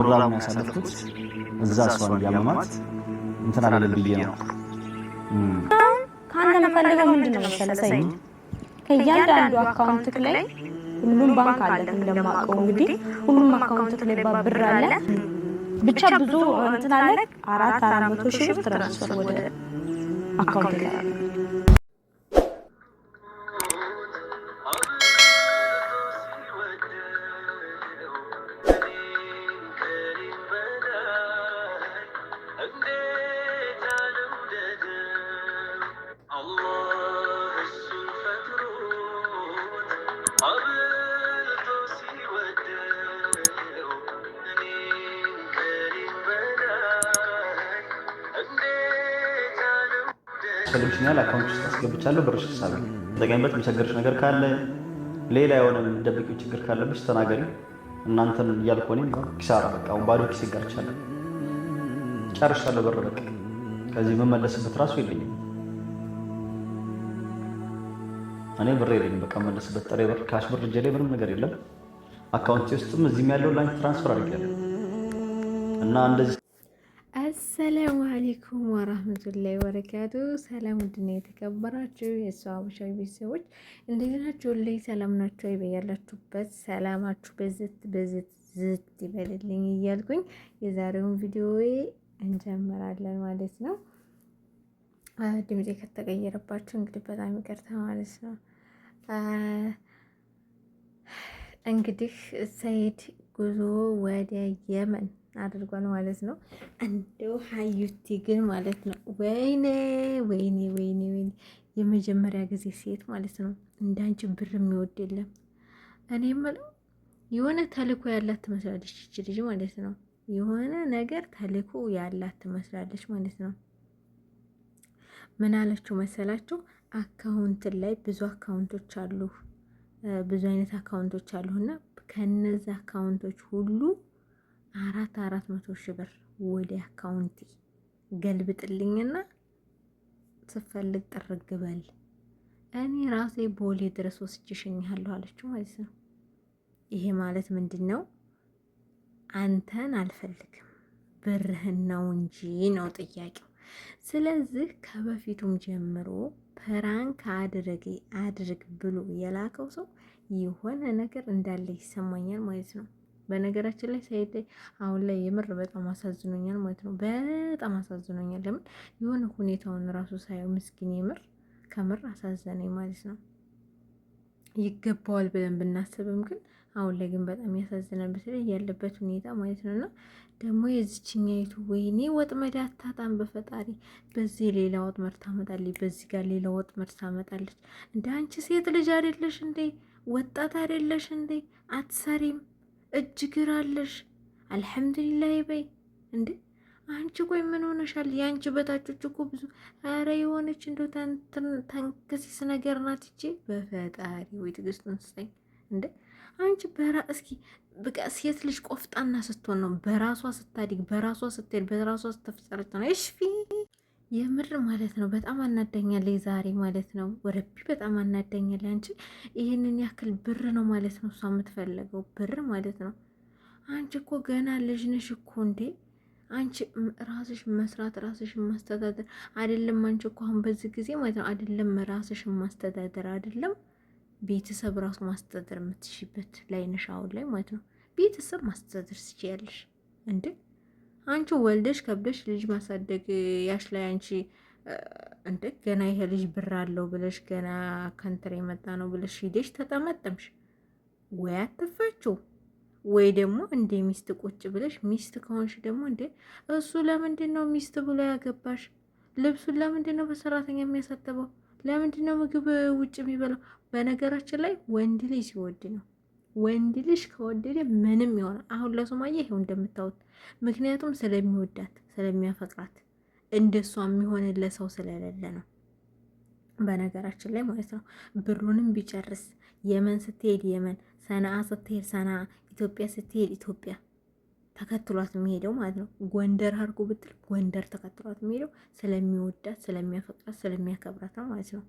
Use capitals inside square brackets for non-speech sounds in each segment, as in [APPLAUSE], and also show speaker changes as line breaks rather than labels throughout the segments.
ፕሮግራም ነው ያሳለፍኩት። እዛ እሷን እያመማት እንትን አላለም ብዬ ነው።
ከአንተ የምፈልገው ምንድን ነው መሰለህ ሰይድ፣ ከእያንዳንዱ አካውንትክ ላይ ሁሉም ባንክ አለ እንደማውቀው እንግዲህ፣ ሁሉም አካውንትክ ላይ ብር አለ። ብቻ ብዙ እንትን አለ። አራት አራት መቶ ሺህ ብር ትራንስፈር ወደ አካውንት ላይ
ሰልሽኛል አካውንት ውስጥ አስገብቻለሁ፣ ብርሽ ሳለ ተጠቀሚበት። የሚቸገርሽ ነገር ካለ ሌላ የሆነ የምትደብቂው ችግር ካለብሽ ተናገሪ። እናንተን እያልኩ እኔም ኪሳራ በቃ አሁን ባዶ ኪስ ይጋርቻለሁ። ጨርሻለሁ ብር በቃ ከዚህ የምመለስበት ራሱ የለኝም። እኔ ብር የለኝም በቃ መለስበት ጥሬ ብር ካሽ ብር እጄ ላይ ምንም ነገር የለም። አካውንቴ ውስጥም እዚህም ያለው ላንቺ ትራንስፈር አድርጊያለሁ እና እንደዚህ
አሰላሙ አሌይኩም ወራህመቱላሂ ወበረካቱ። ሰላም ውድና የተከበራችሁ የሷ አበሻ ቤተሰቦች እንዴት ናችሁ? ላይ ሰላም ናችሁ? ይበያላችሁበት ሰላማችሁ በዝት በዝት ዝት ይበልልኝ እያልኩኝ የዛሬውን ቪዲዮ እንጀምራለን ማለት ነው። ድምፄ ከተቀየረባችሁ እንግዲህ በጣም ይቅርታ ማለት ነው። እንግዲህ ሰይድ ጉዞ ወደ የመን አድርጓል ማለት ነው። እንደው ሀዩቲ ግን ማለት ነው ወይኔ ወይኔ ወይኔ ወይኔ የመጀመሪያ ጊዜ ሴት ማለት ነው እንዳንቺ ብር የሚወድ የለም። እኔ የምለው የሆነ ተልኮ ያላት ትመስላለች ይች ልጅ ማለት ነው። የሆነ ነገር ተልኮ ያላት ትመስላለች ማለት ነው። ምን አለችው መሰላችሁ? አካውንት ላይ ብዙ አካውንቶች አሉ፣ ብዙ አይነት አካውንቶች አሉ እና ከነዚህ አካውንቶች ሁሉ አራት አራት መቶ ሺህ ብር ወደ አካውንቲ ገልብጥልኝና ስፈልግ ጥርግ በል እኔ ራሴ ቦሌ ድረስ ወስጄ እሸኝሃለሁ አለችው ማለት ነው። ይሄ ማለት ምንድን ነው? አንተን አልፈልግም ብርህን ነው እንጂ ነው ጥያቄው። ስለዚህ ከበፊቱም ጀምሮ ፕራንክ አድርግ አድርግ ብሎ የላከው ሰው የሆነ ነገር እንዳለ ይሰማኛል ማለት ነው። በነገራችን ላይ ሳይቴ አሁን ላይ የምር በጣም አሳዝኖኛል ማለት ነው። በጣም አሳዝኖኛል። ለምን የሆነ ሁኔታውን ራሱ ሳየው ምስኪን የምር ከምር አሳዘነኝ ማለት ነው። ይገባዋል ብለን ብናስብም ግን አሁን ላይ ግን በጣም ያሳዝናል። በተለይ ያለበት ሁኔታ ማለት ነው እና ደግሞ የዚችኛይቱ ወይኔ ወጥመድ አታጣም በፈጣሪ በዚህ ሌላ ወጥመድ ታመጣለች፣ በዚህ ጋር ሌላ ወጥመድ ታመጣለች። እንደ አንቺ ሴት ልጅ አይደለሽ እንዴ? ወጣት አይደለሽ እንዴ? አትሰሪም እጅግር አለሽ አልሐምዱሊላህ በይ እንዴ አንቺ ቆይ ምን ሆነሻል? የአንቺ በታቾች እኮ ብዙ። አረ የሆነች እንደው ተንከሲስ ነገር ናት እቺ። በፈጣሪ ወይ ትዕግስቱን ስጠኝ። እንዴ አንቺ በራ እስኪ በቃ ሴት ልጅ ቆፍጣና ስትሆን ነው በራሷ ስታድግ፣ በራሷ ስትሄድ፣ በራሷ ስትፈጸረች ነው እሺ የምር ማለት ነው። በጣም አናዳኛለች ዛሬ ማለት ነው። ወረቢ በጣም አናዳኛለች። አንቺ ይህንን ያክል ብር ነው ማለት ነው እሷ የምትፈለገው ብር ማለት ነው። አንቺ እኮ ገና ልጅ ነሽ እኮ እንዴ! አንቺ ራስሽ መስራት ራስሽ ማስተዳደር አይደለም። አንቺ እኮ አሁን በዚህ ጊዜ ማለት ነው አይደለም ራስሽ ማስተዳደር አይደለም ቤተሰብ ራሱ ማስተዳደር የምትሽበት ላይ ነሽ አሁን ላይ ማለት ነው። ቤተሰብ ማስተዳደር ስችያለሽ እንዴ አንቺ ወልደሽ ከብደሽ ልጅ ማሳደግ ያሽ ላይ አንቺ እንደ ገና ይሄ ልጅ ብር አለው ብለሽ ገና ከንትር የመጣ ነው ብለሽ ሂደሽ ተጠመጠምሽ ወይ አትፋችው ወይ ደግሞ እንደ ሚስት ቁጭ ብለሽ ሚስት ከሆንሽ ደግሞ እንደ እሱ ለምንድን ነው ሚስት ብሎ ያገባሽ? ልብሱን ለምንድን ነው በሰራተኛ የሚያሳጥበው? ለምንድን ነው ምግብ ውጭ የሚበላው? በነገራችን ላይ ወንድ ልጅ ሲወድ ነው ወንድ ልጅ ከወደደ ምንም ይሆን። አሁን ለሱማያ ይሄው እንደምታዩት፣ ምክንያቱም ስለሚወዳት ስለሚያፈቅራት እንደሷ የሚሆን ለሰው ስለሌለ ነው። በነገራችን ላይ ማለት ነው ብሩንም ቢጨርስ የመን ስትሄድ የመን፣ ሰናአ ስትሄድ ሰናአ፣ ኢትዮጵያ ስትሄድ ኢትዮጵያ ተከትሏት የሚሄደው ማለት ነው። ጎንደር አድርጎ ብትል ጎንደር ተከትሏት የሚሄደው ስለሚወዳት ስለሚያፈቅራት ስለሚያከብራት ነው ማለት ነው።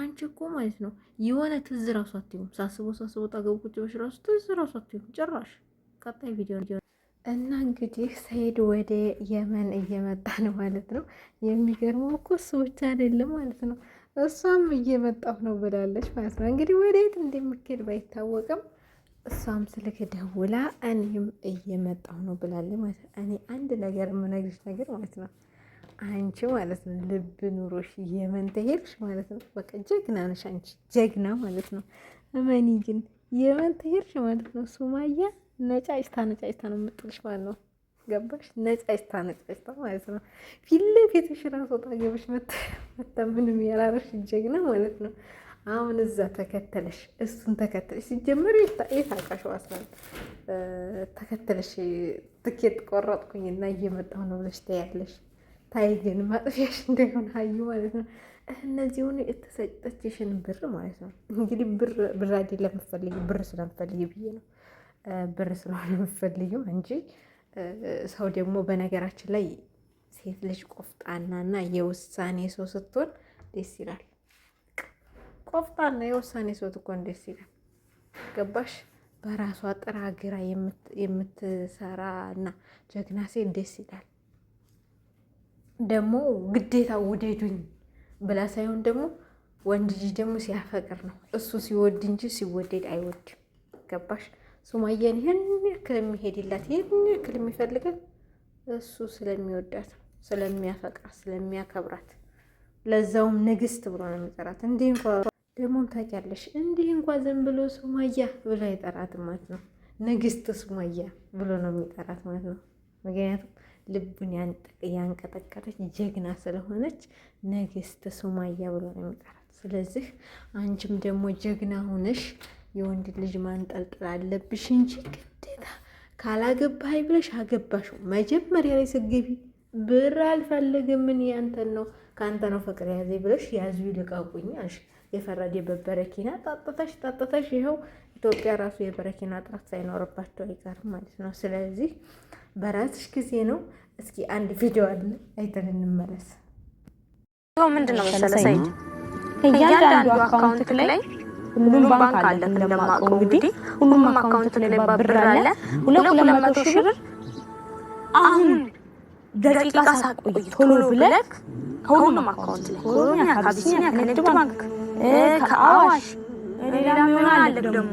አንቺ እኮ ማለት ነው የሆነ ትዝ ራሱ አትሆም ሳስቦ ሳስቦ ጠገቡ ቁጭ ብለሽ ራሱ ትዝ ራሱ አትሆም ጭራሽ። ቀጣይ ቪዲዮ እና እንግዲህ ሰይድ ወደ የመን እየመጣ ነው ማለት ነው። የሚገርመው እኮ እሱ ብቻ አይደለም ማለት ነው። እሷም እየመጣሁ ነው ብላለች ማለት ነው። እንግዲህ ወደየት እንደምትሄድ ባይታወቅም እሷም ስልክ ደውላ እኔም እየመጣሁ ነው ብላለች ማለት ነው። እኔ አንድ ነገር የምነግርሽ ነገር ማለት ነው አንቺ ማለት ነው ልብ ኑሮሽ የመን ተሄድሽ ማለት ነው። በቃ ጀግና ነሽ አንቺ ጀግና ማለት ነው። እመኒ ግን የመን ተሄድሽ ማለት ነው። ሱማያ ነጫጭታ ነጫጭታ ነው የምጥልሽ ማለት ነው። ገባሽ? ነጫጭታ ነጫጭታ ማለት ነው። ፊት ለፊትሽ ራስ ወጣ ገብሽ መታ ምንም ያላረሽ ጀግና ማለት ነው። አሁን እዛ ተከተለሽ እሱን ተከተለሽ ሲጀመር የታውቃሽው ዋስላል ተከተለሽ ትኬት ቆረጥኩኝና እየመጣሁ ነው ብለሽ ተያለሽ ታይህን ማጥፊያሽ እንዳይሆን ሀዩ ማለት ነው። እነዚህ እነዚሁን የተሰጠችሽን ብር ማለት ነው። እንግዲህ ብር አይደለም የምትፈልጊው ብር ስለምትፈልጊ ብዬ ነው። ብር ስለሆነ የምትፈልጊው እንጂ ሰው ደግሞ በነገራችን ላይ ሴት ልጅ ቆፍጣናና የውሳኔ ሰው ስትሆን ደስ ይላል። ቆፍጣና የውሳኔ ሰው ትኮን ደስ ይላል። ገባሽ? በራሷ ጥራ ግራ የምትሰራ እና ጀግና ሴት ደስ ይላል። ደግሞ ግዴታ ውደዱኝ ብላ ሳይሆን ደግሞ ወንድ ልጅ ደግሞ ሲያፈቅር ነው እሱ ሲወድ እንጂ ሲወደድ አይወድም። ገባሽ? ሱማያን ይህን ያክል የሚሄድላት ይህን ያክል የሚፈልገን እሱ ስለሚወዳት ስለሚያፈቅራት ስለሚያከብራት ለዛውም ንግስት ብሎ ነው የሚጠራት። እንዲህ እንኳ ደግሞም ታውቂያለሽ፣ እንዲህ እንኳ ዝም ብሎ ሱማያ ብሎ አይጠራት ማለት ነው። ንግስት ሱማያ ብሎ ነው የሚጠራት ማለት ነው። ምክንያቱም ልቡን ያንቀጠቀጠች ጀግና ስለሆነች ንግስት ሱማያ ብሎ ነው የሚጠራት። ስለዚህ አንቺም ደግሞ ጀግና ሆነሽ የወንድ ልጅ ማንጠልጠል አለብሽ እንጂ ግዴታ ካላገባህ ብለሽ አገባሽ መጀመሪያ ላይ ስትገቢ ብር አልፈልግም ምን ያንተን ነው ከአንተ ነው ፍቅር ያዘኝ ብለሽ ያዙ ይልቀቁኝ አልሽ። የፈረደ በበረኪና ጣጥተሽ ጣጥተሽ ይኸው ኢትዮጵያ ራሱ የበረኪና ጥራት ሳይኖርባቸው አይቀርም ማለት ነው። ስለዚህ በራስሽ ጊዜ ነው። እስኪ አንድ ቪዲዮ አለ አይተን እንመለስ። ምንድን ነው መሰለህ ሳይድ እያንዳንዱ አካውንት ላይ ሁሉም ባንክ አለ እንደማውቀው እንግዲህ ሁሉም አካውንት ላይ ብር አለ። ሁለት ሁለት መቶ ሺህ ብር አሁን ደቂቃ ሳቆይ ቶሎ ብለክ ከሁሉም አካውንት ላይ ከኦሮሚያ፣ ከአቢሲኒያ፣ ከንግድ ባንክ፣ ከአዋሽ ሌላ ምን አለ ደግሞ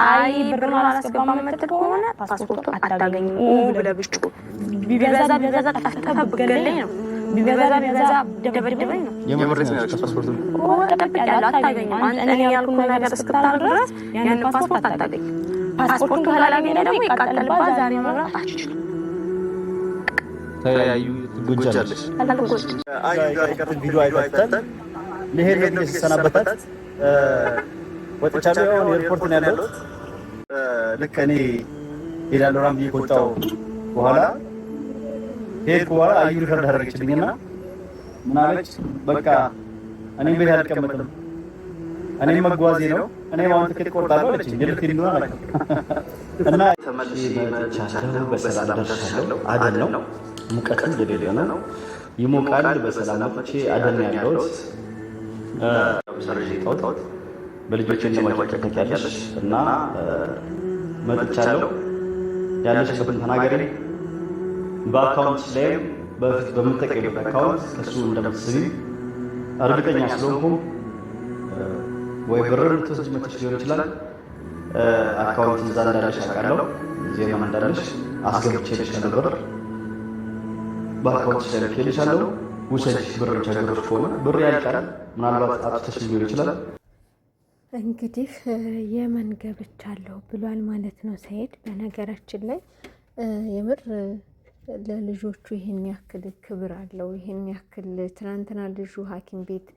አይ ብር አላስገባም የምትል ከሆነ ፓስፖርቱ አታገኝም ብለህ ቢበዛ ቢበዛ ጠፍተህ ነው። ቢበዛ ቢበዛ ደበደበኝ
ነው። ወጥቻለሁ። አሁን ኤርፖርት ነው ያለሁት። ልክ እኔ ሄዳለሁ ራም ብዬ ከወጣሁ በኋላ ሄድኩ። በኋላ አዩ ሪፈርድ አደረገችልኝና ምን አለች፣ በቃ እኔ ቤት አልቀመጥም፣ እኔ መጓዜ ነው፣ እኔ አሁን ትኬት ቆርጣለሁ አለች። የልክ እንደሆነ አላውቅም። [LAUGHS] እና ተመልሼ በሰላም ደርሻለሁ። አደል ነው ሙቀትም የሌለ ነው ይሞቃል። በሰላም መጥቼ አደል ነው ያለሁት ሰርጅ በልጆች እንደማጨቀቅ ያለሽ እና መጥቻለሁ ያለሽ ክፍል ተናገሪ። በአካውንት ላይም በፊት በምንጠቀምበት አካውንት ከሱ እንደምትስቢ እርግጠኛ ስለሆንኩ ወይ ብርር ትወስጅ መጥተሽ ሊሆን ይችላል። አካውንት እዛ እንዳለሽ አውቃለሁ። ዜማ እንዳለሽ አስገብቼልሽ ነበር። በአካውንት ላይ ልኬልሻለሁ። ውሰድሽ ብር ቸገሮች ከሆነ ብር ያልቀራል። ምናልባት አጥተሽ ሊሆን ይችላል።
እንግዲህ የመን ገብቻለሁ ብሏል ማለት ነው ሰኢድ። በነገራችን ላይ የምር ለልጆቹ ይህን ያክል ክብር አለው። ይህን ያክል ትናንትና ልጁ ሐኪም ቤት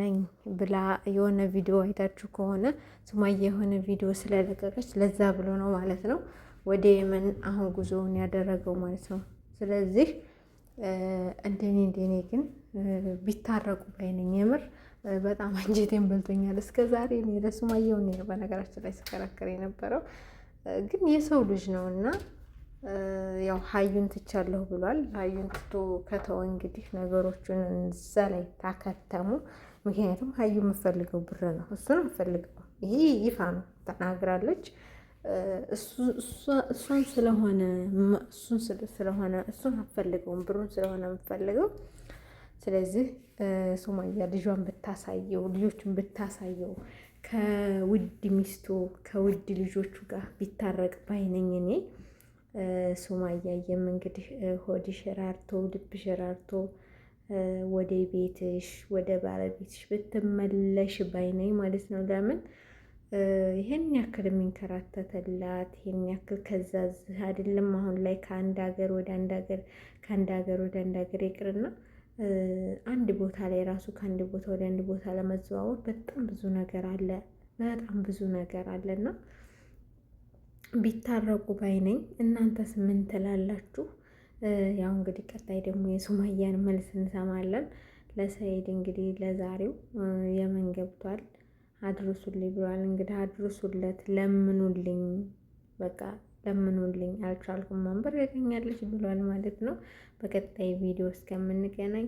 ነኝ ብላ የሆነ ቪዲዮ አይታችሁ ከሆነ ሱማያ የሆነ ቪዲዮ ስለለቀቀች ለዛ ብሎ ነው ማለት ነው ወደ የመን አሁን ጉዞውን ያደረገው ማለት ነው። ስለዚህ እንደኔ እንደኔ ግን ቢታረቁ ባይ ነኝ የምር በጣም አንጀቴን በልቶኛል። እስከ ዛሬ እኔ ለሱማየው ነው በነገራችን ላይ ስከራከር የነበረው ግን የሰው ልጅ ነው እና ያው ሀዩን ትቻለሁ ብሏል። ሀዩን ትቶ ከተወ እንግዲህ ነገሮቹን እዛ ላይ ታከተሙ። ምክንያቱም ሀዩ የምፈልገው ብር ነው፣ እሱን የምፈልገው ይሄ ይፋ ነው፣ ተናግራለች። እሷን ስለሆነ እሱን ስለሆነ እሱን አፈልገውም ብሩን ስለሆነ የምፈልገው ስለዚህ ሶማያ ልጇን ብታሳየው ልጆቹን ብታሳየው ከውድ ሚስቱ ከውድ ልጆቹ ጋር ቢታረቅ ባይነኝ እኔ። ሱመያዬም እንግዲህ ሆድ ሸራርቶ ልብ ሸራርቶ ወደ ቤትሽ ወደ ባለቤትሽ ብትመለሽ ባይነኝ ማለት ነው። ለምን ይህን ያክል የሚንከራተተላት ይህን ያክል ከዛዝህ አይደለም። አሁን ላይ ከአንድ ሀገር ወደ አንድ ሀገር ከአንድ ሀገር ወደ አንድ ሀገር ይቅርና አንድ ቦታ ላይ ራሱ ከአንድ ቦታ ወደ አንድ ቦታ ለመዘዋወር በጣም ብዙ ነገር አለ። በጣም ብዙ ነገር አለና ቢታረቁ ባይ ነኝ። እናንተስ ምን ትላላችሁ? ያው እንግዲህ ቀጣይ ደግሞ የሱማያን መልስ እንሰማለን። ለሰይድ እንግዲህ ለዛሬው የመን ገብቷል። አድርሱልኝ ብሏል። እንግዲህ አድርሱለት፣ ለምኑልኝ በቃ ለምኑልኝ አልቻልኩም ማንበብ ያገኛለች ብሏል ማለት ነው። በቀጣይ ቪዲዮ እስከምንገናኝ